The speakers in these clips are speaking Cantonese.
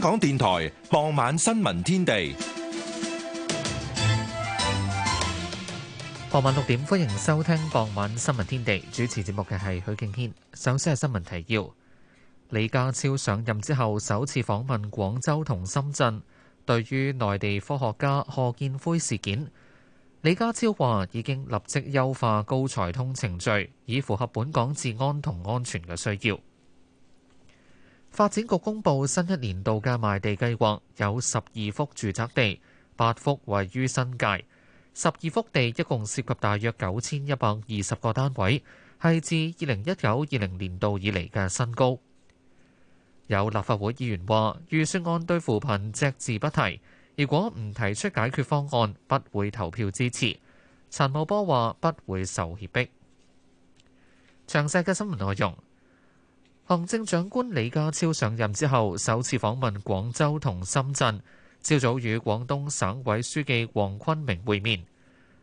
香港電台傍晚新聞天地，傍晚六點歡迎收聽傍晚新聞天地。主持節目嘅係許敬軒。首先係新聞提要：李家超上任之後首次訪問廣州同深圳，對於內地科學家賀建輝事件，李家超話已經立即優化高才通程序，以符合本港治安同安全嘅需要。發展局公布新一年度嘅賣地計劃，有十二幅住宅地，八幅位於新界。十二幅地一共涉及大約九千一百二十個單位，係自二零一九至二零年度以嚟嘅新高。有立法會議員話，預算案對扶貧只字不提，如果唔提出解決方案，不會投票支持。陳茂波話，不會受脅迫。詳細嘅新聞內容。行政長官李家超上任之後首次訪問廣州同深圳，朝早與廣東省委書記黃坤明會面。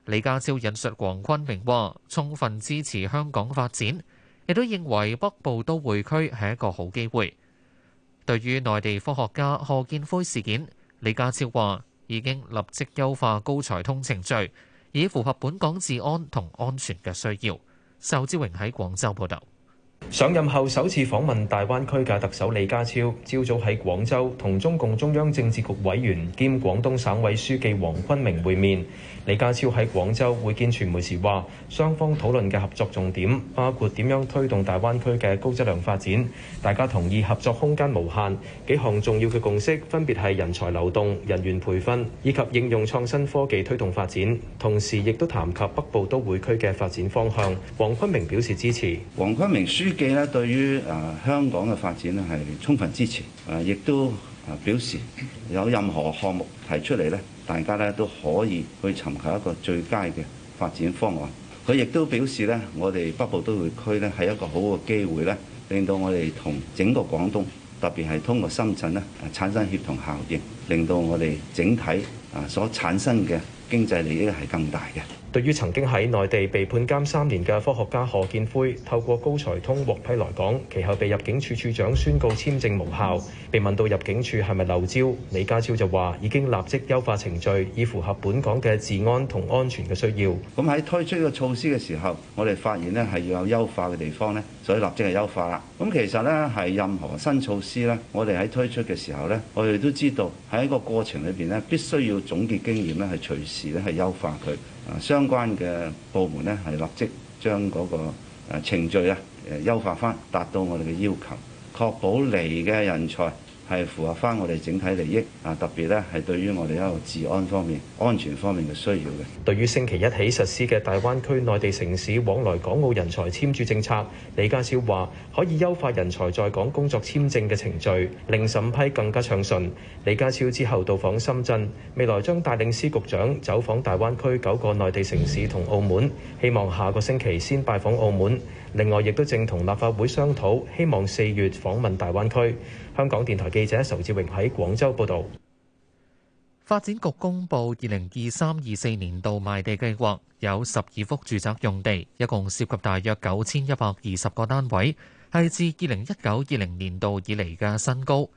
李家超引述黃坤明話，充分支持香港發展，亦都認為北部都會區係一個好機會。對於內地科學家賀建奎事件，李家超話已經立即優化高才通程序，以符合本港治安同安全嘅需要。仇志榮喺廣州報道。上任後首次訪問大灣區嘅特首李家超，朝早喺廣州同中共中央政治局委員兼廣東省委書記黃坤明會面。李家超喺廣州會見傳媒時話，雙方討論嘅合作重點包括點樣推動大灣區嘅高質量發展，大家同意合作空間無限。幾項重要嘅共識分別係人才流動、人員培訓以及應用創新科技推動發展。同時亦都談及北部都會區嘅發展方向。黃坤明表示支持。黃坤明書。既咧對於香港嘅發展咧係充分支持，誒亦都表示有任何項目提出嚟咧，大家咧都可以去尋求一個最佳嘅發展方案。佢亦都表示咧，我哋北部都會區咧係一個好嘅機會咧，令到我哋同整個廣東，特別係通過深圳咧產生協同效應，令到我哋整體啊所產生嘅經濟利益係更大嘅。對於曾經喺內地被判監三年嘅科學家何建輝，透過高才通獲批來港，其後被入境處處長宣告簽證無效。被問到入境處係咪漏招，李家超就話：已經立即優化程序，以符合本港嘅治安同安全嘅需要。咁喺推出個措施嘅時候，我哋發現呢係要有優化嘅地方，呢所以立即係優化啦。咁其實呢係任何新措施，呢我哋喺推出嘅時候，呢我哋都知道喺一個過程裏邊，呢必須要總結經驗，呢係隨時咧係優化佢。相關嘅部門咧，係立即將嗰個誒程序啊誒優化翻，達到我哋嘅要求，確保嚟嘅人才。係符合翻我哋整體利益啊！特別呢，係對於我哋一個治安方面、安全方面嘅需要嘅。對於星期一起實施嘅大灣區內地城市往來港澳人才簽注政策，李家超話可以優化人才在港工作簽證嘅程序，令審批更加暢順。李家超之後到訪深圳，未來將帶領司局長走訪大灣區九個內地城市同澳門，希望下個星期先拜訪澳門。另外，亦都正同立法會商討，希望四月訪問大灣區。香港電台記者仇志榮喺廣州報道，發展局公布二零二三二四年度賣地計劃，有十二幅住宅用地，一共涉及大約九千一百二十個單位，係自二零一九二零年度以嚟嘅新高。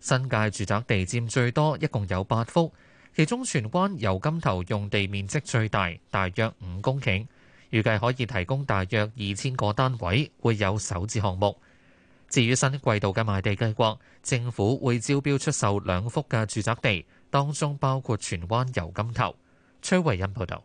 新界住宅地佔最多，一共有八幅，其中荃灣油柑頭用地面積最大，大約五公頃，預計可以提供大約二千個單位，會有首置項目。至於新季度嘅賣地計劃，政府會招標出售兩幅嘅住宅地，當中包括荃灣油柑頭。崔慧欣報道，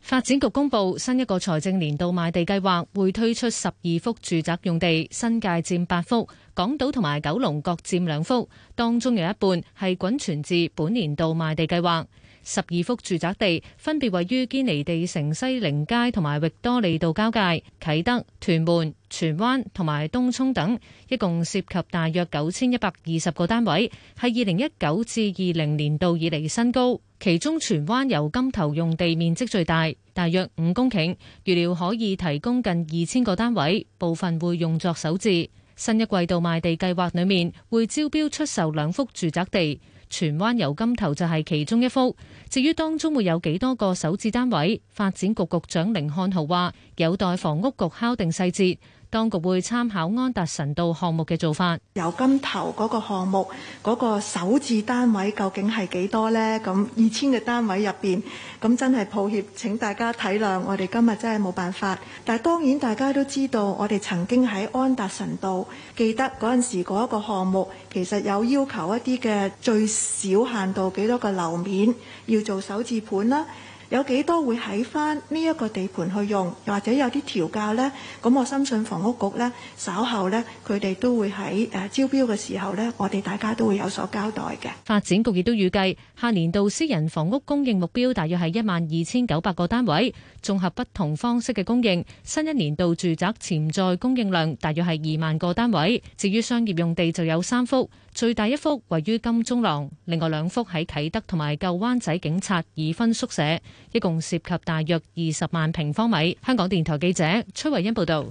發展局公布新一個財政年度賣地計劃，會推出十二幅住宅用地，新界佔八幅，港島同埋九龍各佔兩幅，當中有一半係滾存至本年度賣地計劃。十二幅住宅地分別位於堅尼地城西寧街同埋域多利道交界、啟德、屯門、荃灣同埋東涌等，一共涉及大約九千一百二十個單位，係二零一九至二零年度以嚟新高。其中荃灣油柑頭用地面積最大，大約五公頃，預料可以提供近二千個單位，部分會用作首置。新一季度賣地計劃裡面會招標出售兩幅住宅地。荃灣油柑頭就係其中一幅。至於當中會有幾多個首置單位，發展局局長甯漢豪話有待房屋局敲定細節。當局會參考安達臣道項目嘅做法，由金頭嗰個項目嗰個首置單位究竟係幾多呢？咁二千嘅單位入邊，咁真係抱歉，請大家體諒，我哋今日真係冇辦法。但係當然大家都知道，我哋曾經喺安達臣道記得嗰陣時嗰一個項目，其實有要求一啲嘅最少限度幾多個樓面要做首置盤啦。有幾多會喺返呢一個地盤去用，又或者有啲調教呢？咁我相信房屋局呢，稍後呢，佢哋都會喺誒招標嘅時候呢，我哋大家都會有所交代嘅。發展局亦都預計下年度私人房屋供應目標大約係一萬二千九百個單位，綜合不同方式嘅供應，新一年度住宅潛在供應量大約係二萬個單位。至於商業用地就有三幅，最大一幅位於金鐘廊，另外兩幅喺啟德同埋舊灣仔警察已婚宿舍。一共涉及大約二十萬平方米。香港電台記者崔慧欣報道，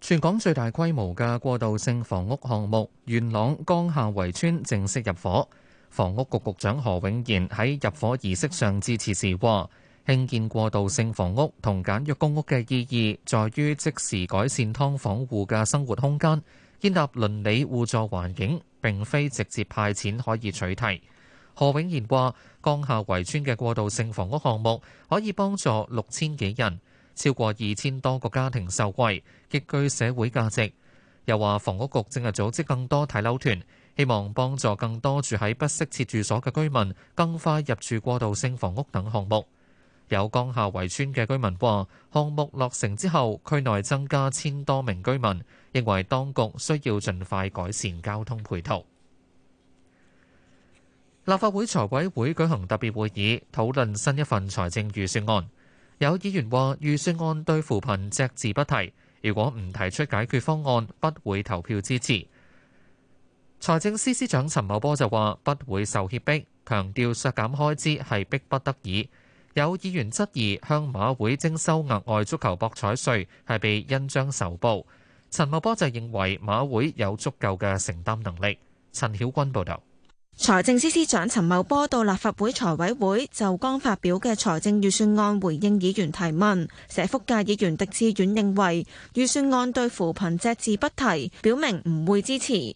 全港最大規模嘅過渡性房屋項目元朗江夏圍村正式入伙。房屋局局長何永賢喺入伙儀式上致辭時話，興建過渡性房屋同簡約公屋嘅意義，在於即時改善劏房戶嘅生活空間，建立鄰里互助環境，並非直接派錢可以取替。何永賢話：江夏圍村嘅過渡性房屋項目可以幫助六千幾人，超過二千多個家庭受惠，極具社會價值。又話房屋局正係組織更多睇樓團，希望幫助更多住喺不適切住所嘅居民，更快入住過渡性房屋等項目。有江夏圍村嘅居民話：項目落成之後，區內增加千多名居民，認為當局需要盡快改善交通配套。立法會財委會舉行特別會議，討論新一份財政預算案。有議員話：預算案對扶貧隻字不提，如果唔提出解決方案，不會投票支持。財政司司長陳茂波就話：不會受脅迫，強調削減開支係逼不得已。有議員質疑向馬會徵收額外足球博彩稅係被恩將仇報。陳茂波就認為馬會有足夠嘅承擔能力。陳曉君報導。財政司司長陳茂波到立法會財委會就剛發表嘅財政預算案回應議員提問。社福界議員狄志遠認為預算案對扶貧隻字不提，表明唔會支持。一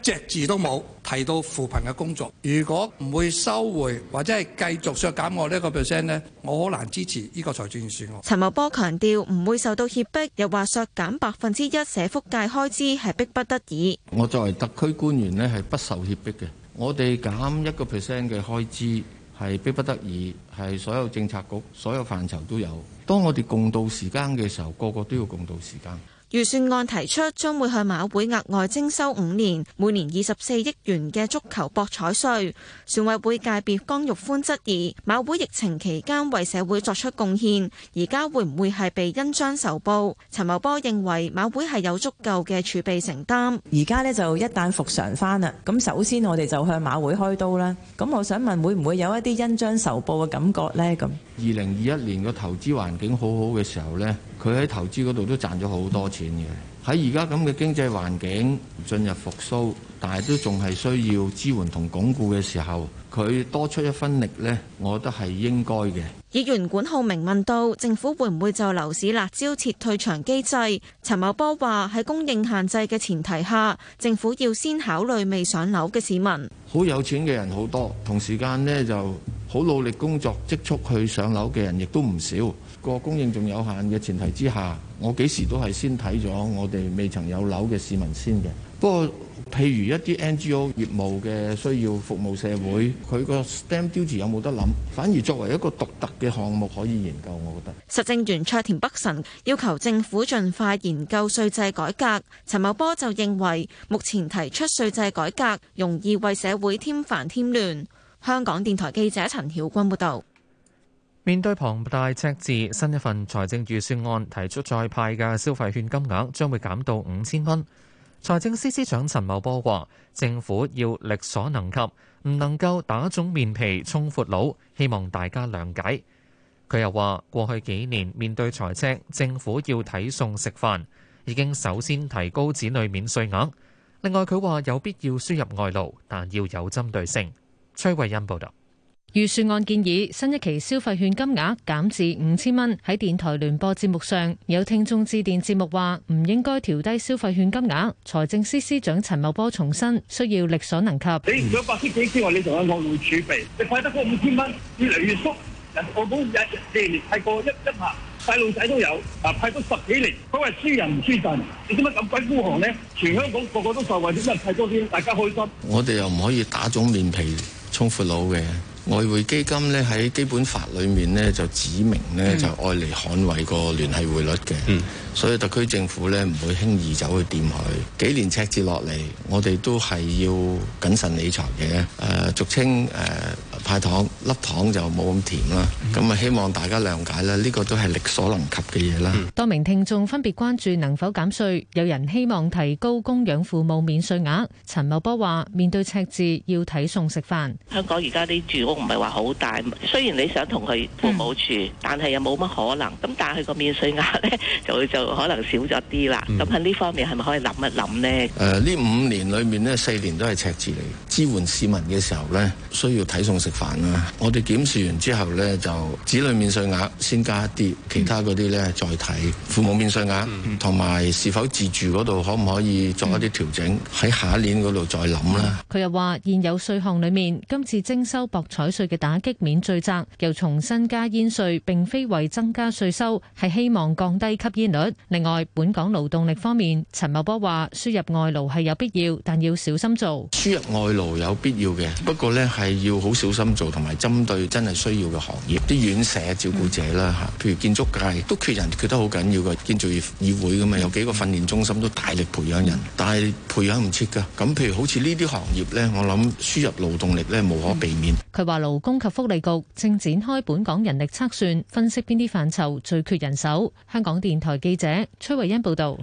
隻字都冇提到扶貧嘅工作。如果唔會收回或者係繼續削減我、這個、呢一個 percent 呢，我好難支持呢個財政預算案。陳茂波強調唔會受到脅迫，又話削減百分之一社福界開支係逼不得已。我作為特區官員呢，係不受脅迫嘅。我哋減一個 percent 嘅開支係迫不得已，係所有政策局、所有範疇都有。當我哋共度時間嘅時候，個個都要共度時間。預算案提出將會向馬會額外徵收五年每年二十四億元嘅足球博彩稅，選委會界別江玉歡質疑馬會疫情期間為社會作出貢獻，而家會唔會係被恩將仇報？陳茂波認為馬會係有足夠嘅儲備承擔，而家呢就一旦復常翻啦，咁首先我哋就向馬會開刀啦，咁我想問會唔會有一啲恩將仇報嘅感覺呢？咁二零二一年嘅投資環境好好嘅時候呢，佢喺投資嗰度都賺咗好多錢嘅。喺而家咁嘅經濟環境進入復甦，但係都仲係需要支援同鞏固嘅時候。佢多出一分力呢，我覺得係應該嘅。議員管浩明問到政府會唔會就樓市辣招設退場機制？陳茂波話喺供應限制嘅前提下，政府要先考慮未上樓嘅市民。好有錢嘅人好多，同時間呢就好努力工作積蓄去上樓嘅人亦都唔少。個供應仲有限嘅前提之下，我幾時都係先睇咗我哋未曾有樓嘅市民先嘅。不過。譬如一啲 NGO 業務嘅需要，服務社會。佢個 STEM 教育有冇得諗？反 而樂作為一個獨特嘅項目可以研究，我覺得。實政圓桌田北辰要求政府盡快研究稅制改革。陳茂波就認為目前提出稅制改革容易為社會添煩添亂，香港電台記者陳曉君報道。面對龐大赤字，新一份財政預算案提出再派嘅消費券金額將會減到五千蚊。財政司司長陳茂波話：政府要力所能及，唔能夠打腫面皮充闊佬，希望大家諒解。佢又話：過去幾年面對財赤，政府要睇餸食飯，已經首先提高子女免稅額。另外，佢話有必要輸入外勞，但要有針對性。崔慧欣報道。預算案建議新一期消費券金額減至五千蚊。喺電台聯播節目上，有聽眾致電節目話唔應該調低消費券金額。財政司司長陳茂波重申，需要力所能及。你唔想發啲錢之外，你仲有外匯儲備。你派得嗰五千蚊越嚟越縮，人香都一一四年派過一一下細路仔都有，啊派咗十幾年都係輸人唔輸陣。你做乜咁鬼孤寒呢？全香港個個都受惠，點解派多啲大家開心？我哋又唔可以打腫面皮充闊佬嘅。外匯基金呢，喺基本法裏面呢就指明呢、嗯，就愛嚟捍衛個聯繫匯率嘅。所以特區政府咧唔會輕易走去掂佢，幾年赤字落嚟，我哋都係要謹慎理財嘅。誒、呃、俗稱誒、呃、派糖，粒糖就冇咁甜啦。咁啊、嗯，希望大家諒解啦，呢、這個都係力所能及嘅嘢啦。嗯、多名聽眾分別關注能否減稅，有人希望提高供養父母免稅額，陳茂波話面對赤字，要睇餸食飯，香港而家啲住屋唔係話好大，雖然你想同佢父母住，但係又冇乜可能。咁但係佢個免稅額咧，就會就。可能少咗啲啦，咁喺呢方面係咪可以諗一諗呢？誒、呃，呢五年裏面呢，四年都係赤字嚟，支援市民嘅時候呢，需要睇餸食飯啦。我哋檢視完之後呢，就子女免稅額先加一啲，其他嗰啲呢，再睇。父母免稅額同埋、嗯嗯嗯、是否自住嗰度，可唔可以作一啲調整？喺下一年嗰度再諗啦。佢、嗯、又話現有稅項裏面，今次徵收博彩稅嘅打擊面最窄，又重新加煙稅，並非為增加稅收，係希望降低吸煙率。另外，本港勞動力方面，陳茂波話輸入外勞係有必要，但要小心做。輸入外勞有必要嘅，不過呢，係要好小心做，同埋針對真係需要嘅行業，啲院舍照顧者啦吓，譬如建築界都缺人，缺得好緊要嘅，建造業議會咁啊，有幾個訓練中心都大力培養人，但係培養唔切噶。咁譬如好似呢啲行業呢，我諗輸入勞動力呢無可避免。佢話、嗯、勞工及福利局正展開本港人力測算，分析邊啲範疇最缺人手。香港電台記。記者崔慧欣報道，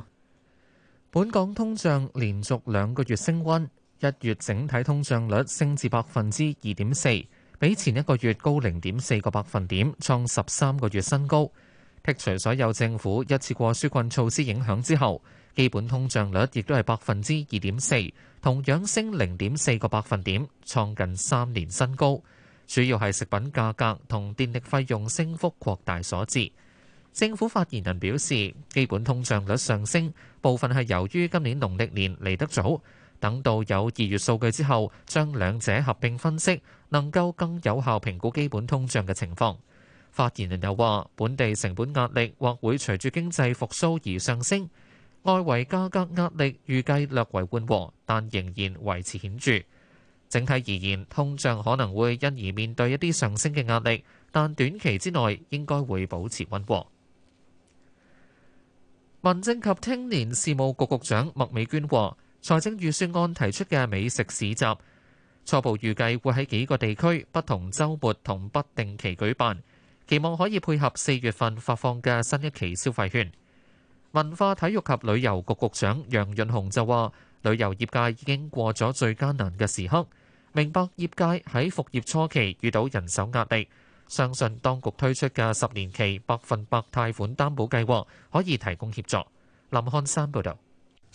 本港通脹連續兩個月升温，一月整體通脹率升至百分之二點四，比前一個月高零點四個百分點，創十三個月新高。剔除所有政府一次過紓困措施影響之後，基本通脹率亦都係百分之二點四，同樣升零點四個百分點，創近三年新高。主要係食品價格同電力費用升幅擴大所致。政府發言人表示，基本通脹率上升部分係由於今年農曆年嚟得早，等到有二月數據之後，將兩者合併分析，能夠更有效評估基本通脹嘅情況。發言人又話，本地成本壓力或會隨住經濟復甦而上升，外圍價格壓力預計略為緩和，但仍然維持顯著。整體而言，通脹可能會因而面對一啲上升嘅壓力，但短期之內應該會保持溫和。民政及青年事務局局長麥美娟話：財政預算案提出嘅美食市集，初步預計會喺幾個地區不同周末同不定期舉辦，期望可以配合四月份發放嘅新一期消費券。文化體育及旅遊局局長楊潤雄就話：旅遊業界已經過咗最艱難嘅時刻，明白業界喺復業初期遇到人手壓力。相信當局推出嘅十年期百分百貸款擔保計劃可以提供協助。林漢山報導。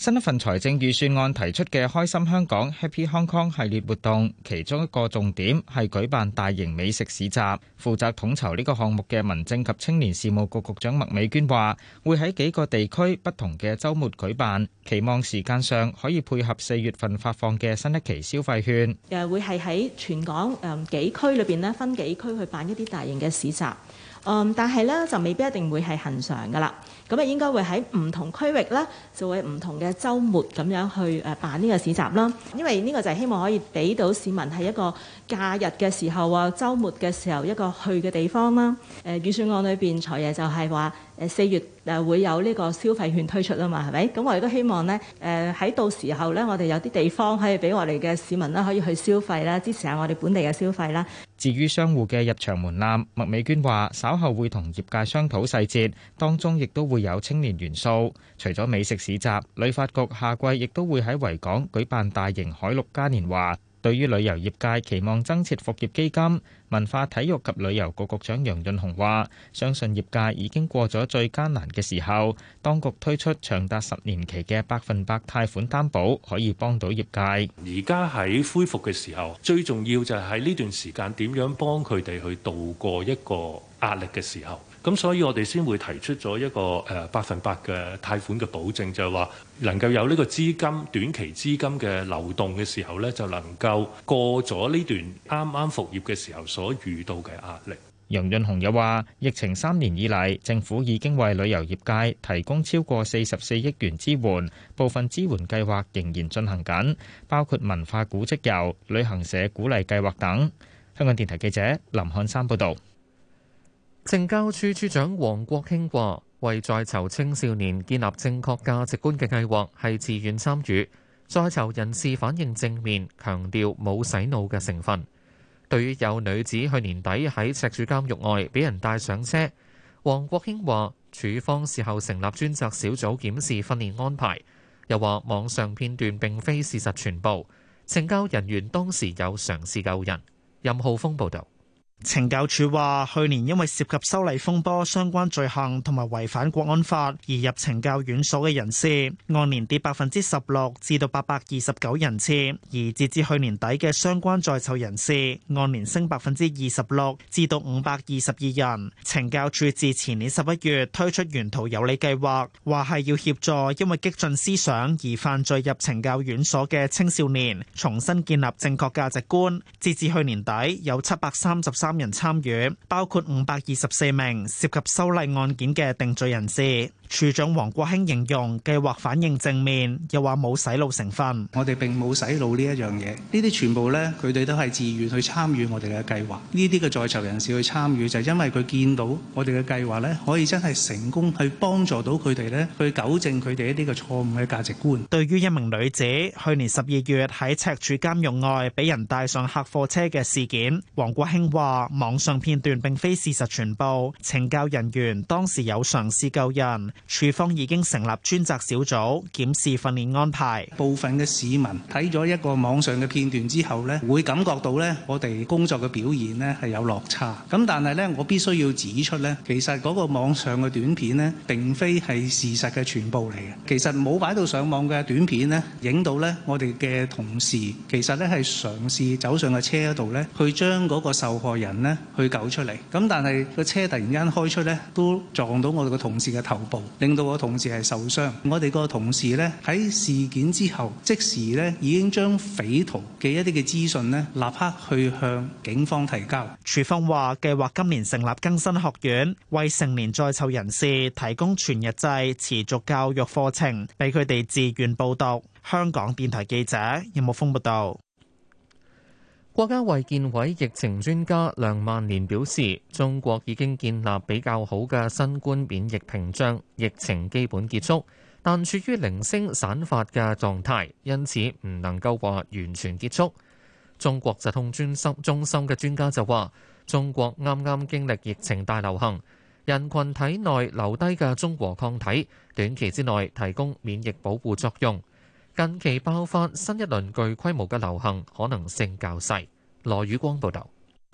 新一份財政預算案提出嘅《開心香港 Happy Hong Kong》系列活動，其中一個重點係舉辦大型美食市集。負責統籌呢個項目嘅民政及青年事務局局長麥美娟話，會喺幾個地區不同嘅週末舉辦，期望時間上可以配合四月份發放嘅新一期消費券。誒，會係喺全港誒幾區裏邊呢，分幾區去辦一啲大型嘅市集。嗯，但係呢就未必一定會係恆常㗎喇。咁啊，應該會喺唔同區域啦，就會唔同嘅週末咁樣去誒辦呢個市集啦。因為呢個就係希望可以俾到市民喺一個假日嘅時候啊，週末嘅時候一個去嘅地方啦。誒、呃、預算案裏邊，財爺就係話誒四月誒會有呢個消費券推出啊嘛，係咪？咁我亦都希望咧誒喺到時候咧，我哋有啲地方可以俾我哋嘅市民啦，可以去消費啦，支持下我哋本地嘅消費啦。至於商戶嘅入場門檻，麥美娟話稍後會同業界商討細節，當中亦都會有青年元素。除咗美食市集，旅發局下季亦都會喺維港舉辦大型海陸嘉年華。對於旅遊業界期望增設服業基金。文化、體育及旅遊局局長楊潤雄話，相信業界已經過咗最艱難嘅時候，當局推出長達十年期嘅百分百貸款擔保，可以幫到業界。而家喺恢復嘅時候，最重要就係呢段時間點樣幫佢哋去度過一個壓力嘅時候。咁所以我哋先會提出咗一個誒百分百嘅貸款嘅保證，就係話能夠有呢個資金短期資金嘅流動嘅時候咧，就能夠過咗呢段啱啱復業嘅時候所遇到嘅壓力。楊潤雄又話：疫情三年以嚟，政府已經為旅遊業界提供超過四十四億元支援，部分支援計劃仍然進行緊，包括文化古蹟遊、旅行社鼓勵計劃等。香港電台記者林漢山報導。懲教處處長王國興話：為在囚青少年建立正確價值觀嘅計劃係自願參與，在囚人士反映正面，強調冇洗腦嘅成分。對於有女子去年底喺赤柱監獄外俾人帶上車，王國興話：處方事後成立專責小組檢視訓練安排，又話網上片段並非事實全部。懲教人員當時有嘗試救人。任浩峰報導。懲教署話，去年因為涉及修例風波相關罪行同埋違反國安法而入懲教院所嘅人士，按年跌百分之十六至到八百二十九人次；而截至去年底嘅相關在囚人士，按年升百分之二十六至到五百二十二人。懲教署自前年十一月推出沿途有理計劃，話係要協助因為激進思想而犯罪入懲教院所嘅青少年，重新建立正確價值觀。截至去年底，有七百三十三人參與，包括五百二十四名涉及修例案件嘅定罪人士。署長黃國興形容計劃反應正面，又話冇洗腦成分。我哋並冇洗腦呢一樣嘢，呢啲全部咧，佢哋都係自願去參與我哋嘅計劃。呢啲嘅在囚人士去參與，就係因為佢見到我哋嘅計劃咧，可以真係成功去幫助到佢哋咧，去糾正佢哋一啲嘅錯誤嘅價值觀。對於一名女子去年十二月喺赤柱監獄外俾人帶上客貨車嘅事件，黃國興話網上片段並非事實全部，懲教人員當時有嘗試救人。處方已經成立專責小組檢視訓練安排。部分嘅市民睇咗一個網上嘅片段之後呢，會感覺到呢我哋工作嘅表現呢係有落差。咁但係呢，我必須要指出呢，其實嗰個網上嘅短片呢，並非係事實嘅全部嚟嘅。其實冇擺到上網嘅短片呢，影到呢我哋嘅同事其實呢，係嘗試走上嘅車度呢，去將嗰個受害人呢去救出嚟。咁但係個車突然間開出呢，都撞到我哋嘅同事嘅頭部。令到個同事係受傷，我哋個同事咧，喺事件之後即時咧，已經將匪徒嘅一啲嘅資訊咧，立刻去向警方提交。署方話計劃今年成立更新學院，為成年在囚人士提供全日制持續教育課程，俾佢哋自願報讀。香港電台記者任木峯報道。國家衛健委疫情專家梁萬年表示，中國已經建立比較好嘅新冠免疫屏障，疫情基本結束，但處於零星散發嘅狀態，因此唔能夠話完全結束。中國疾控中心嘅專家就話，中國啱啱經歷疫情大流行，人群體內留低嘅中和抗體，短期之內提供免疫保護作用。近期爆發新一輪巨規模嘅流行可能性較細，羅宇光報道。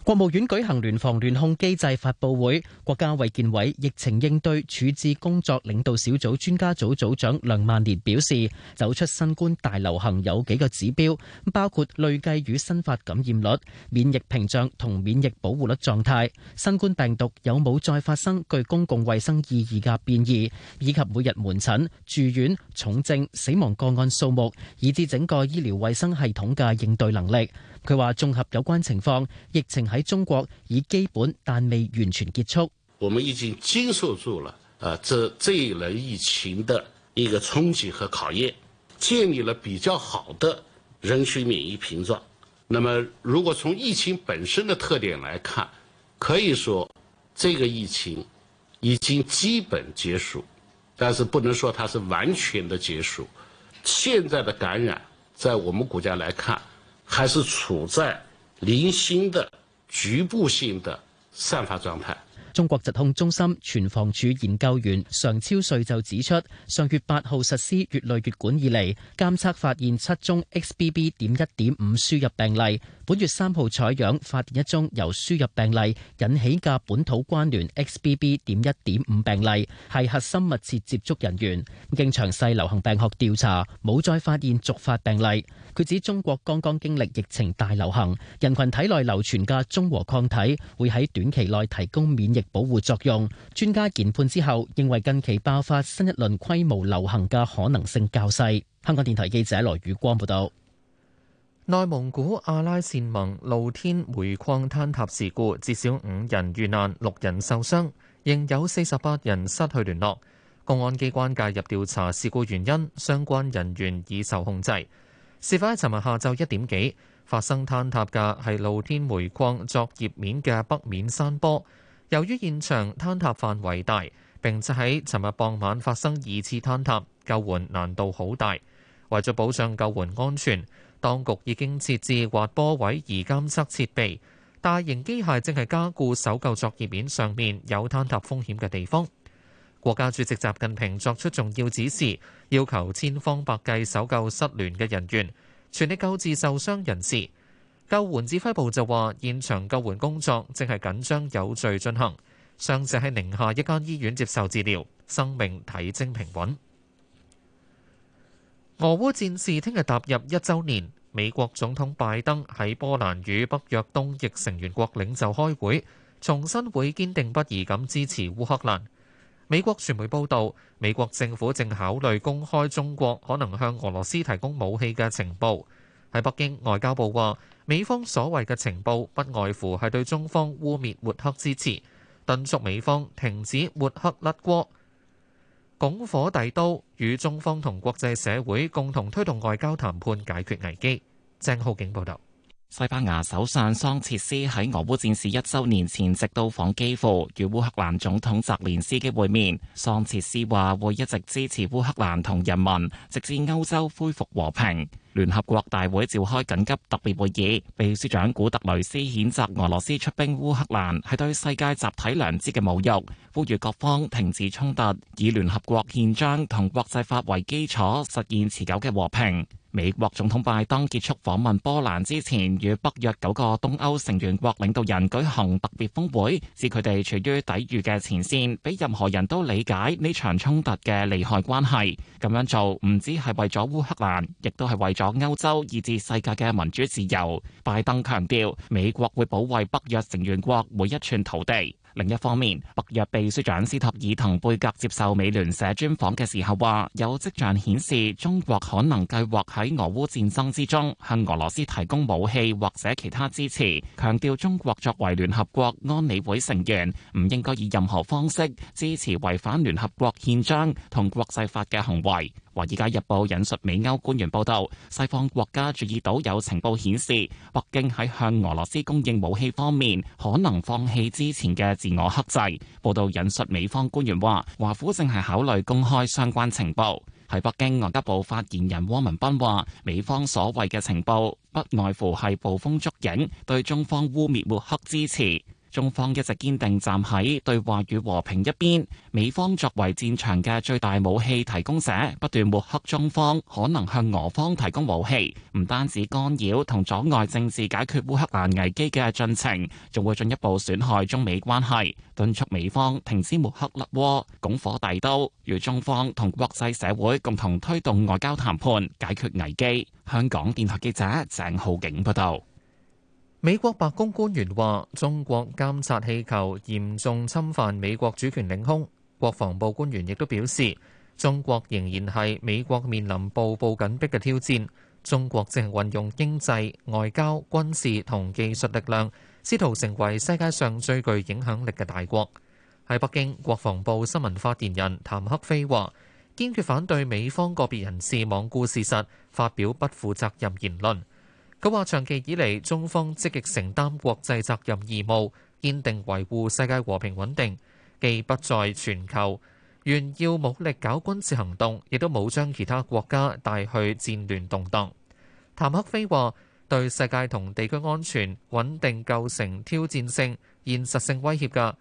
國務院舉行聯防聯控機制發布會，國家衛健委疫情應對處置工作領導小組專家組組組長梁萬年表示，走出新冠大流行有幾個指標，包括累計與新發感染率、免疫屏障同免疫保護率狀態、新冠病毒有冇再發生具公共衛生意義嘅變異，以及每日門診、住院、重症、死亡個案數目，以至整個醫療衛生系統嘅應對能力。佢話綜合有關情況，疫情喺中國已基本但未完全結束。 我們已經經受住了啊，這這一輪疫情的一個衝擊和考驗，建立了比較好的人群免疫屏障。那麼如果從疫情本身的特點來看，可以說這個疫情已經基本結束，但是不能說它是完全的結束。現在的感染，在我們國家來看。還是處在零星的局部性的散發狀態。中國疾控中心傳防處研究員常超瑞就指出，上月八號實施乙類乙管以嚟，監測發現七宗 XBB 點一點五輸入病例。本月三號採樣發現一宗由輸入病例引起嘅本土關聯 XBB 點一點五病例，係核心密切接觸人員。經詳細流行病學調查，冇再發現續發病例。佢指中國剛剛經歷疫情大流行，人群體內流傳嘅中和抗體會喺短期內提供免疫保護作用。專家研判之後，認為近期爆發新一輪規模流行嘅可能性較細。香港電台記者羅宇光報道。內蒙古阿拉善盟露天煤礦坍塌事故，至少五人遇難，六人受傷，仍有四十八人失去聯絡。公安機關介入調查事故原因，相關人員已受控制。事發喺尋日下晝一點幾發生坍塌嘅係露天煤礦作業面嘅北面山坡。由於現場坍塌範圍大，並且喺尋日傍晚發生二次坍塌，救援難度好大。為咗保障救援安全。當局已經設置滑坡位移監測設備，大型機械正係加固搜救作業面，上面有坍塌風險嘅地方。國家主席習近平作出重要指示，要求千方百計搜救失聯嘅人員，全力救治受傷人士。救援指揮部就話，現場救援工作正係緊張有序進行，傷者喺寧夏一間醫院接受治療，生命體徵平穩。俄烏戰事聽日踏入一週年，美國總統拜登喺波蘭與北約東翼成員國領袖開會，重申會堅定不移咁支持烏克蘭。美國傳媒報道，美國政府正考慮公開中國可能向俄羅斯提供武器嘅情報。喺北京，外交部話，美方所謂嘅情報不外乎係對中方污蔑抹黑之詞，敦促美方停止抹黑甩鍋。拱火遞刀，與中方同國際社會共同推動外交談判，解決危機。鄭浩景報道。西班牙首相桑切斯喺俄烏戰事一周年前夕到訪基輔，與烏克蘭總統澤連斯基會面。桑切斯話會一直支持烏克蘭同人民，直至歐洲恢復和平。聯合國大會召開緊急特別會議，秘書長古特雷斯譴責俄羅斯出兵烏克蘭係對世界集體良知嘅侮辱，呼籲各方停止衝突，以聯合國憲章同國際法為基礎，實現持久嘅和平。美國總統拜登結束訪問波蘭之前，與北約九個東歐成員國領導人舉行特別峰會，使佢哋處於抵禦嘅前線，比任何人都理解呢場衝突嘅利害關係。咁樣做唔止係為咗烏克蘭，亦都係為咗歐洲，以至世界嘅民主自由。拜登強調，美國會保衛北約成員國每一寸土地。另一方面，北約秘書長斯托爾滕貝格接受美聯社專訪嘅時候話，有跡象顯示中國可能計劃喺俄烏戰爭之中向俄羅斯提供武器或者其他支持，強調中國作為聯合國安理會成員，唔應該以任何方式支持違反聯合國憲章同國際法嘅行為。華爾街日報引述美歐官員報道，西方國家注意到有情報顯示，北京喺向俄羅斯供應武器方面可能放棄之前嘅自我克制。報道引述美方官員話，華府正係考慮公開相關情報。喺北京，外交部發言人汪文斌話，美方所謂嘅情報不外乎係捕風捉影，對中方污衊抹黑支持。中方一直堅定站喺對話與和平一邊。美方作為戰場嘅最大武器提供者，不斷抹黑中方可能向俄方提供武器，唔單止干擾同阻礙政治解決烏克蘭危機嘅進程，仲會進一步損害中美關係。敦促美方停止抹黑甩鍋、拱火遞刀，與中方同國際社會共同推動外交談判解決危機。香港電台記者鄭浩景報道。美國白宮官員話中國監察氣球嚴重侵犯美國主權領空。國防部官員亦都表示，中國仍然係美國面臨步步緊逼嘅挑戰，中國正運用經濟外交、軍事同技術力量，試圖成為世界上最具影響力嘅大國。喺北京，國防部新聞發言人譚克非話，堅決反對美方個別人士罔顧事實發表不負責任言論。佢話：長期以嚟，中方積極承擔國際責任義務，堅定維護世界和平穩定，既不在全球，願要武力搞軍事行動，亦都冇將其他國家帶去戰亂動盪。譚克非話：對世界同地區安全穩定構成挑戰性、現實性威脅嘅，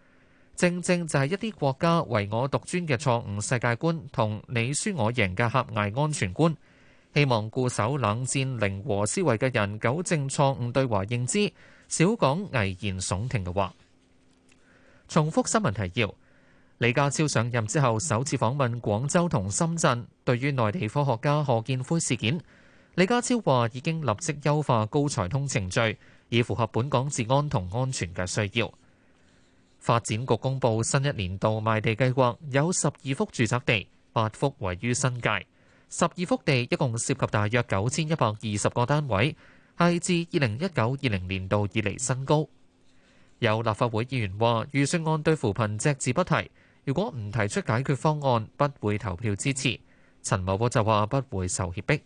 正正就係一啲國家唯我獨尊嘅錯誤世界觀同你輸我贏嘅狹隘安全觀。希望固守冷戰零和思維嘅人糾正錯誤對華認知，少講危言聳聽嘅話。重複新聞提要：李家超上任之後首次訪問廣州同深圳。對於內地科學家賀建奎事件，李家超話已經立即優化高才通程序，以符合本港治安同安全嘅需要。發展局公布新一年度賣地計劃，有十二幅住宅地，八幅位於新界。十二幅地一共涉及大約九千一百二十個單位，係至二零一九二零年度以嚟新高。有立法會議員話預算案對扶貧隻字不提，如果唔提出解決方案，不會投票支持。陳茂波就話不會受脅迫。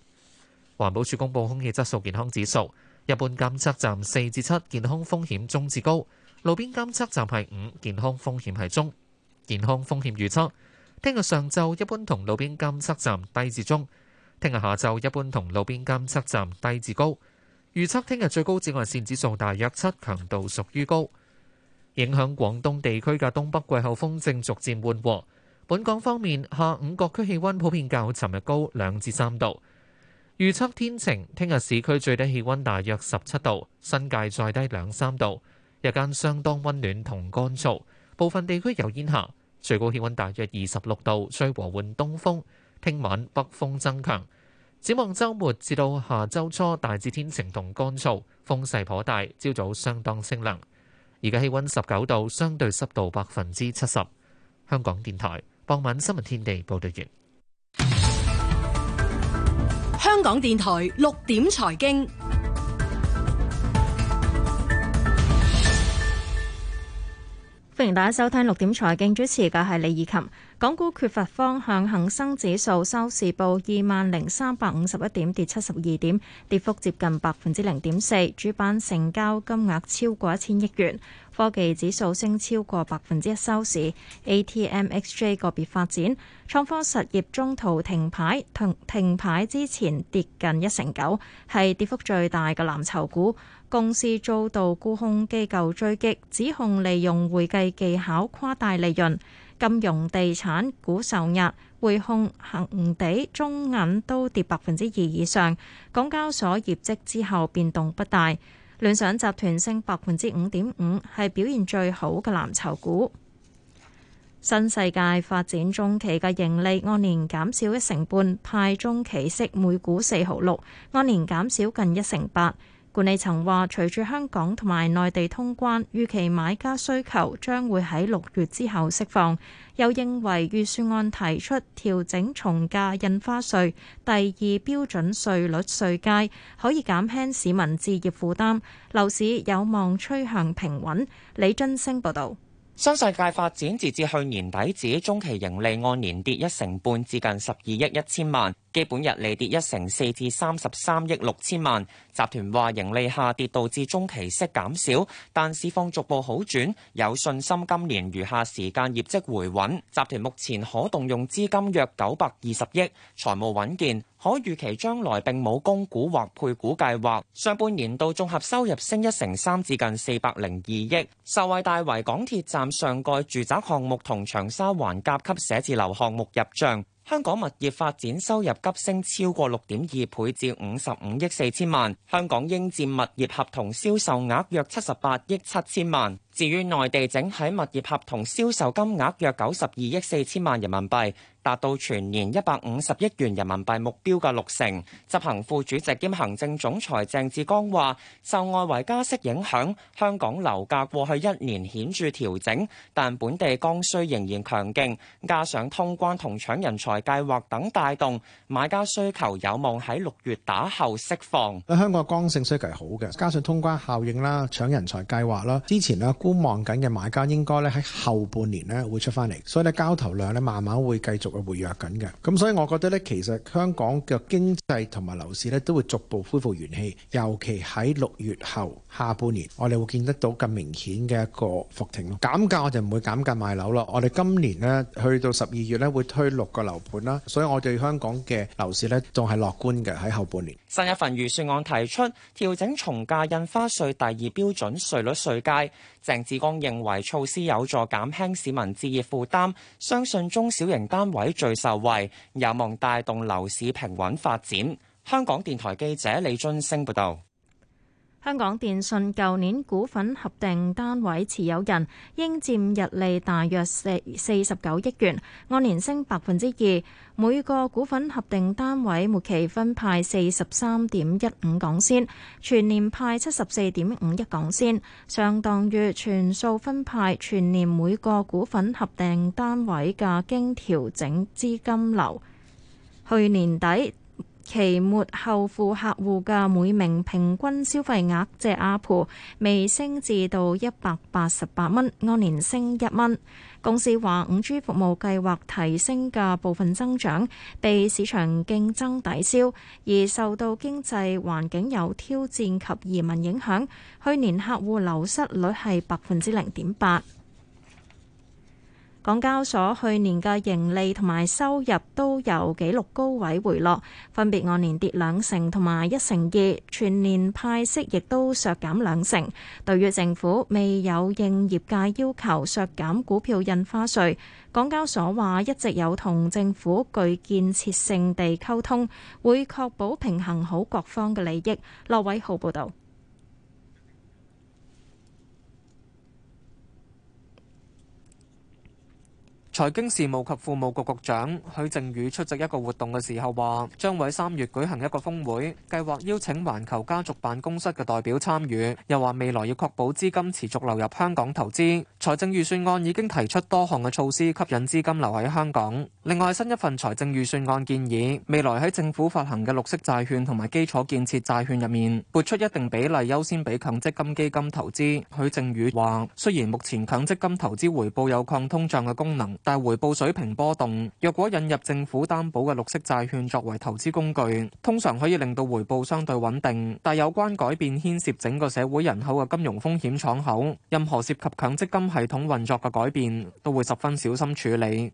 環保署公布空氣質素健康指數，一般監測站四至七，7, 健康風險中至高；路邊監測站係五，健康風險係中。健康風險預測。聽日上晝一般同路邊監測站低至中，聽日下晝一般同路邊監測站低至高。預測聽日最高紫外線指數大約七，強度屬於高。影響廣東地區嘅東北季候風正逐漸緩和。本港方面，下午各區氣温普遍較尋日高兩至三度。預測天晴，聽日市區最低氣温大約十七度，新界再低兩三度。日間相當温暖同乾燥，部分地區有煙霞。最高氣溫大約二十六度，吹和緩東風。聽晚北風增強，展望周末至到下周初大致天晴同乾燥，風勢頗大，朝早相當清涼。而家氣溫十九度，相對濕度百分之七十。香港電台傍晚新聞天地報道完。香港電台六點財經。歡迎大家收聽六點財經，主持嘅係李以琴。港股缺乏方向，恒生指數收市報二萬零三百五十一點，跌七十二點，跌幅接近百分之零點四。主板成交金額超過一千億元，科技指數升超過百分之一，收市，ATMXJ 個別發展，創科實業中途停牌，停停牌之前跌近一成九，係跌幅最大嘅藍籌股。公司遭到沽空機構追擊，指控利用會計技巧誇大利潤。金融、地產股受壓，匯控、恒地、中銀都跌百分之二以上。港交所業績之後變動不大，聯想集團升百分之五點五，係表現最好嘅藍籌股。新世界發展中期嘅盈利按年減少一成半，派中期息每股四毫六，按年減少近一成八。管理層話，隨住香港同埋內地通關，預期買家需求將會喺六月之後釋放。又認為預算案提出調整從價印花稅、第二標準稅率稅階，可以減輕市民置業負擔，樓市有望趨向平穩。李津升報道。新世界發展截至去年底止，中期盈利按年跌一成半，接近十二億一千萬。基本日利跌一成四至三十三億六千萬。集團話盈利下跌導致中期息減少，但市況逐步好轉，有信心今年餘下時間業績回穩。集團目前可動用資金約九百二十億，財務穩健，可預期將來並冇供股或配股計劃。上半年度綜合收入升一成三至近四百零二億，受惠大圍港鐵站上蓋住宅項目同長沙灣甲級寫字樓項目入帳。香港物業發展收入急升，超過六點二倍至五十五億四千萬。香港應佔物業合同銷售額約七十八億七千萬。至於內地整體物業合同銷售金額約九十二億四千萬人民幣。達到全年一百五十億元人民幣目標嘅六成。執行副主席兼行政總裁鄭志剛話，受外圍加息影響，香港樓價過去一年顯著調整，但本地剛需仍然強勁，加上通關同搶人才計劃等帶動，買家需求有望喺六月打後釋放。喺香港嘅剛性需求係好嘅，加上通關效應啦、搶人才計劃啦，之前咧觀望緊嘅買家應該咧喺後半年咧會出翻嚟，所以咧交投量咧慢慢會繼續。我回弱緊嘅，咁所以我覺得咧，其實香港嘅經濟同埋樓市咧都會逐步恢復元氣，尤其喺六月後下半年，我哋會見得到更明顯嘅一個復停咯。減價我就唔會減價賣樓咯。我哋今年呢，去到十二月咧會推六個樓盤啦，所以我對香港嘅樓市呢，仲係樂觀嘅喺後半年。新一份預算案提出調整重價印花稅第二標準稅率稅階。鄭志剛認為措施有助減輕市民置業負擔，相信中小型單位。喺最受惠，有望帶動樓市平穩發展。香港電台記者李津升報道。香港電訊舊年股份合訂單位持有人應佔溢利大約四四十九億元，按年升百分之二。每個股份合訂單位末期分派四十三點一五港仙，全年派七十四點五一港仙，相當於全數分派全年每個股份合訂單位嘅經調整資金流。去年底，期末後付客戶嘅每名平均消費額借阿普微升至到一百八十八蚊，按年升一蚊。公司話五 G 服務計劃提升嘅部分增長被市場競爭抵消，而受到經濟環境有挑戰及移民影響，去年客戶流失率係百分之零點八。港交所去年嘅盈利同埋收入都由紀錄高位回落，分別按年跌兩成同埋一成二，全年派息亦都削減兩成。對於政府未有應業界要求削減股票印花稅，港交所話一直有同政府具建設性地溝通，會確保平衡好各方嘅利益。羅偉浩報道。財經事務及庫務局局長許正宇出席一個活動嘅時候話，將會三月舉行一個峰會，計劃邀請環球家族辦公室嘅代表參與。又話未來要確保資金持續流入香港投資。財政預算案已經提出多項嘅措施吸引資金留喺香港。另外，新一份財政預算案建議未來喺政府發行嘅綠色債券同埋基礎建設債券入面撥出一定比例優先俾強積金基金投資。許正宇話，雖然目前強積金投資回報有抗通脹嘅功能。但係回報水平波動，若果引入政府擔保嘅綠色債券作為投資工具，通常可以令到回報相對穩定。但有關改變牽涉整個社會人口嘅金融風險敞口，任何涉及強積金系統運作嘅改變都會十分小心處理。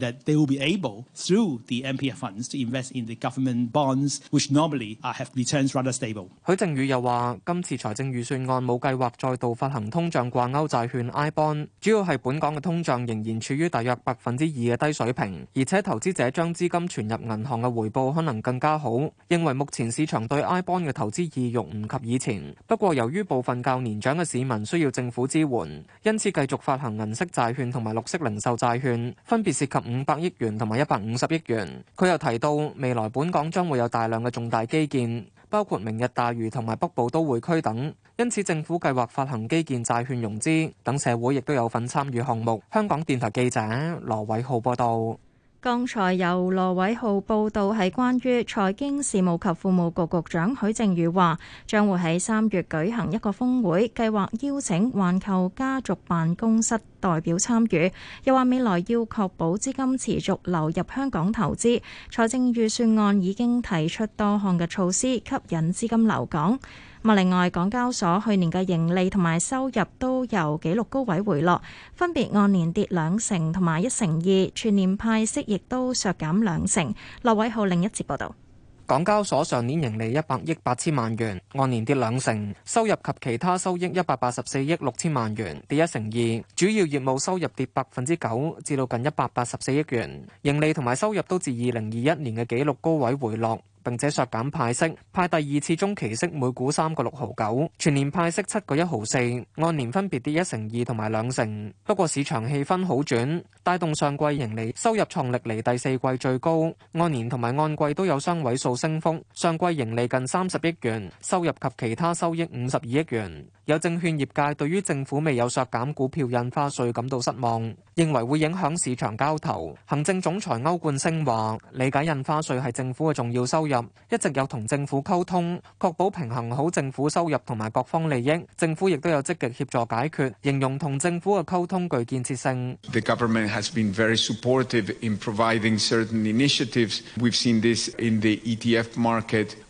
that they will be able through the MPF funds to invest in the government bonds, which normally have returns rather stable. 許正宇又話：今次財政預算案冇計劃再度發行通脹掛鈎債券 iBond，主要係本港嘅通脹仍然處於大約百分之二嘅低水平，而且投資者將資金存入銀行嘅回報可能更加好。認為目前市場對 iBond 嘅投資意欲唔及以前。不過由於部分較年長嘅市民需要政府支援，因此繼續發行銀色債券同埋綠色零售債券，分別是及五百億元同埋一百五十億元。佢又提到，未來本港將會有大量嘅重大基建，包括明日大嶼同埋北部都會區等。因此，政府計劃發行基建債券融資，等社會亦都有份參與項目。香港電台記者羅偉浩報道。剛才由羅偉浩報道，係關於財經事務及庫務局局長許正宇話，將會喺三月舉行一個峰會，計劃邀請環球家族辦公室代表參與。又話未來要確保資金持續流入香港投資，財政預算案已經提出多項嘅措施，吸引資金流港。咁啊！另外，港交所去年嘅盈利同埋收入都由紀錄高位回落，分別按年跌兩成同埋一成二，全年派息亦都削減兩成。羅偉浩另一節報道，港交所上年盈利一百億八千萬元，按年跌兩成；收入及其他收益一百八十四億六千萬元，跌一成二。主要業務收入跌百分之九，至到近一百八十四億元。盈利同埋收入都自二零二一年嘅紀錄高位回落。並且削減派息，派第二次中期息，息每股三個六毫九，全年派息七個一毫四，按年分別跌一成二同埋兩成。不過市場氣氛好轉，帶動上季盈利收入創歷嚟第四季最高，按年同埋按季都有雙位數升幅。上季盈利近三十億元，收入及其他收益五十二億元。有證券業界對於政府未有削減股票印花稅感到失望，認為會影響市場交投。行政總裁歐冠星話：理解印花稅係政府嘅重要收入，一直有同政府溝通，確保平衡好政府收入同埋各方利益。政府亦都有積極協助解決，形容同政府嘅溝通具建設性。The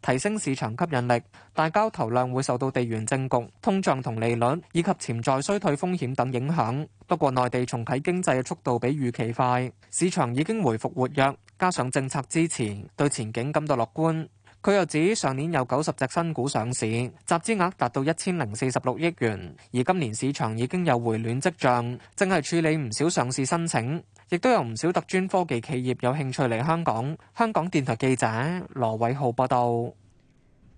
提升市場吸引力，但交投量會受到地緣政局、通脹同利率以及潛在衰退風險等影響。不過，內地重啟經濟嘅速度比預期快，市場已經回復活躍，加上政策支持，對前景感到樂觀。佢又指上年有九十隻新股上市，集資額達到一千零四十六億元，而今年市場已經有回暖跡象，正係處理唔少上市申請，亦都有唔少特專科技企業有興趣嚟香港。香港電台記者羅偉浩報道。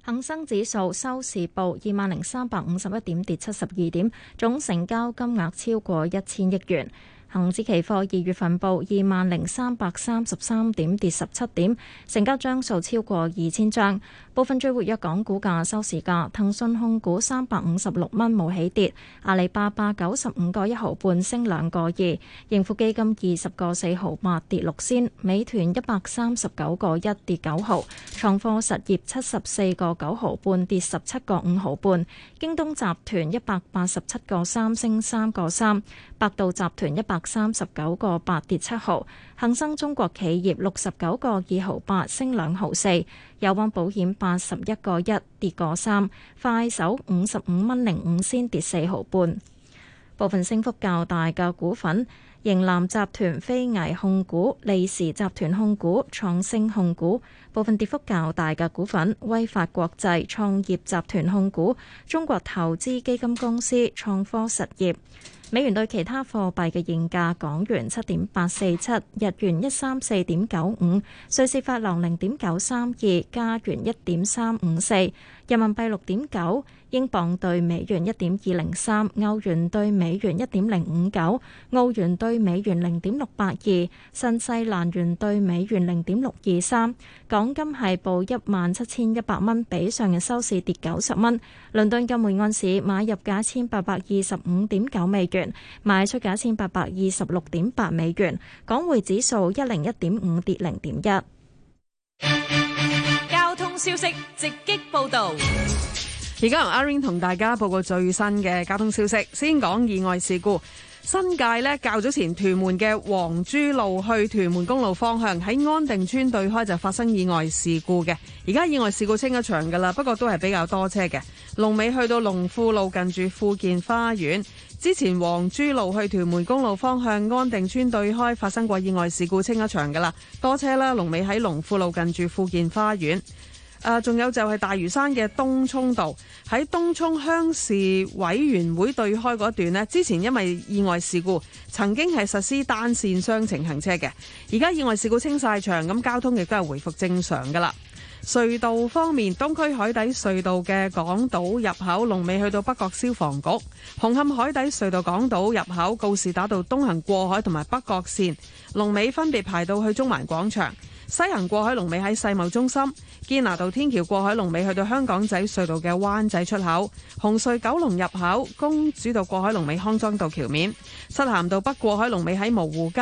恒生指數收市報二萬零三百五十一點，跌七十二點，總成交金額超過一千億元。恒指期貨二月份報二萬零三百三十三點，跌十七點，成交張數超過二千張。部分最活躍港股價收市價：騰訊控股三百五十六蚊，冇起跌；阿里巴巴九十五個一毫半，升兩個二；盈富基金二十個四毫八，跌六仙；美團一百三十九個一，跌九毫；創科實業七十四個九毫半，跌十七個五毫半；京東集團一百八十七個三，升三個三；百度集團一百三十九個八，跌七毫，恒生中國企業六十九個二毫八，升兩毫四，友邦保險八十一個一，跌個三，快手五十五蚊零五先，跌四毫半。部分升幅較大嘅股份。迎南集團、飛威控股、利時集團控股、創升控股，部分跌幅較大嘅股份：威發國際、創業集團控股、中國投資基金公司、創科實業。美元對其他貨幣嘅現價：港元七點八四七，日元一三四點九五，瑞士法郎零點九三二，加元一點三五四，人民幣六點九。英鎊兌美元一點二零三，歐元兌美元一點零五九，澳元兌美元零點六八二，新西蘭元兌美元零點六二三。港金係報一萬七千一百蚊，比上日收市跌九十蚊。倫敦金匯按市買入價一千八百二十五點九美元，賣出價一千八百二十六點八美元。港匯指數一零一點五跌零點一。交通消息直擊報道。而家由阿 Ring 同大家報告最新嘅交通消息。先講意外事故。新界咧，較早前屯門嘅黃珠路去屯門公路方向喺安定村對開就發生意外事故嘅。而家意外事故清一場噶啦，不過都係比較多車嘅。龍尾去到龍富路近住富健花園。之前黃珠路去屯門公路方向安定村對開發生過意外事故，清一場噶啦，多車啦。龍尾喺龍富路近住富健花園。誒，仲有就係大嶼山嘅東涌道，喺東涌鄉事委員會對開嗰段咧，之前因為意外事故，曾經係實施單線雙程行車嘅，而家意外事故清晒場，咁交通亦都係回復正常噶啦。隧道方面，東區海底隧道嘅港島入口龍尾去到北角消防局，紅磡海底隧道港島入口告士打道東行過海同埋北角線龍尾分別排到去中環廣場。西行過海龍尾喺世貿中心，堅拿道天橋過海龍尾去到香港仔隧道嘅灣仔出口，紅隧九龍入口，公主道過海龍尾康莊道橋面，漆咸道北過海龍尾喺蕪湖街，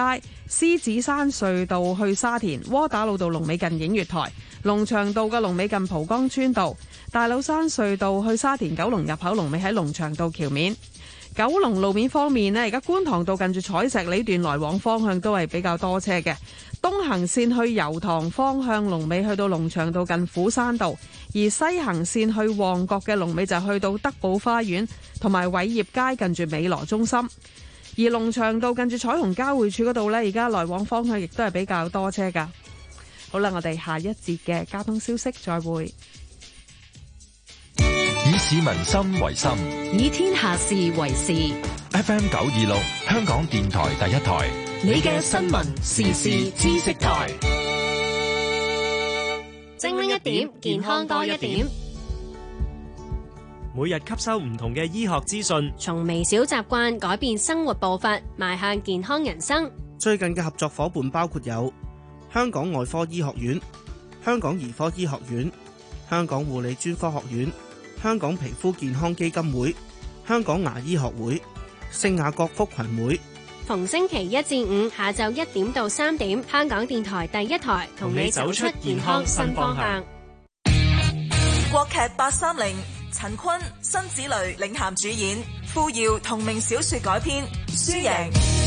獅子山隧道去沙田窩打老道龍尾近映月台，龍翔道嘅龍尾近蒲崗村道，大老山隧道去沙田九龍入口龍尾喺龍翔道橋面。九龍路面方面咧，而家觀塘道近住彩石呢段來往方向都係比較多車嘅。東行線去油塘方向龍尾去到龍翔道近虎山道，而西行線去旺角嘅龍尾就去到德寶花園同埋偉業街近住美羅中心。而龍翔道近住彩虹交匯處嗰度咧，而家來往方向亦都係比較多車噶。好啦，我哋下一節嘅交通消息，再會。以市民心為心，以天下事為事。F. M. 九二六，香港電台第一台，你嘅新聞時事知識台，精靈一點，健康多一點。一點每日吸收唔同嘅醫學資訊，從微小習慣改變生活步伐，邁向健康人生。最近嘅合作伙伴包括有香港外科醫學院、香港兒科醫學院、香港護理專科學院。香港皮膚健康基金會、香港牙醫學會、聖雅各福群會，逢星期一至五下晝一點到三點，香港電台第一台同你走出健康新方向。方向國劇八三零，陳坤、辛芷蕾領銜主演，富耀同名小說改編，輸贏。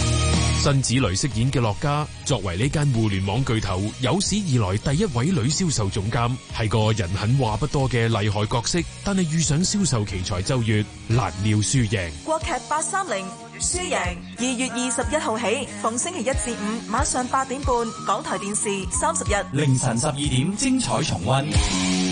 甄子雷飾演嘅樂嘉，作為呢間互聯網巨頭有史以來第一位女銷售總監，係個人狠話不多嘅厲害角色，但係遇上銷售奇才周月，難料輸贏。國劇八三零輸贏，二月二十一號起逢星期一至五晚上八點半，港台電視三十日凌晨十二點，精彩重溫。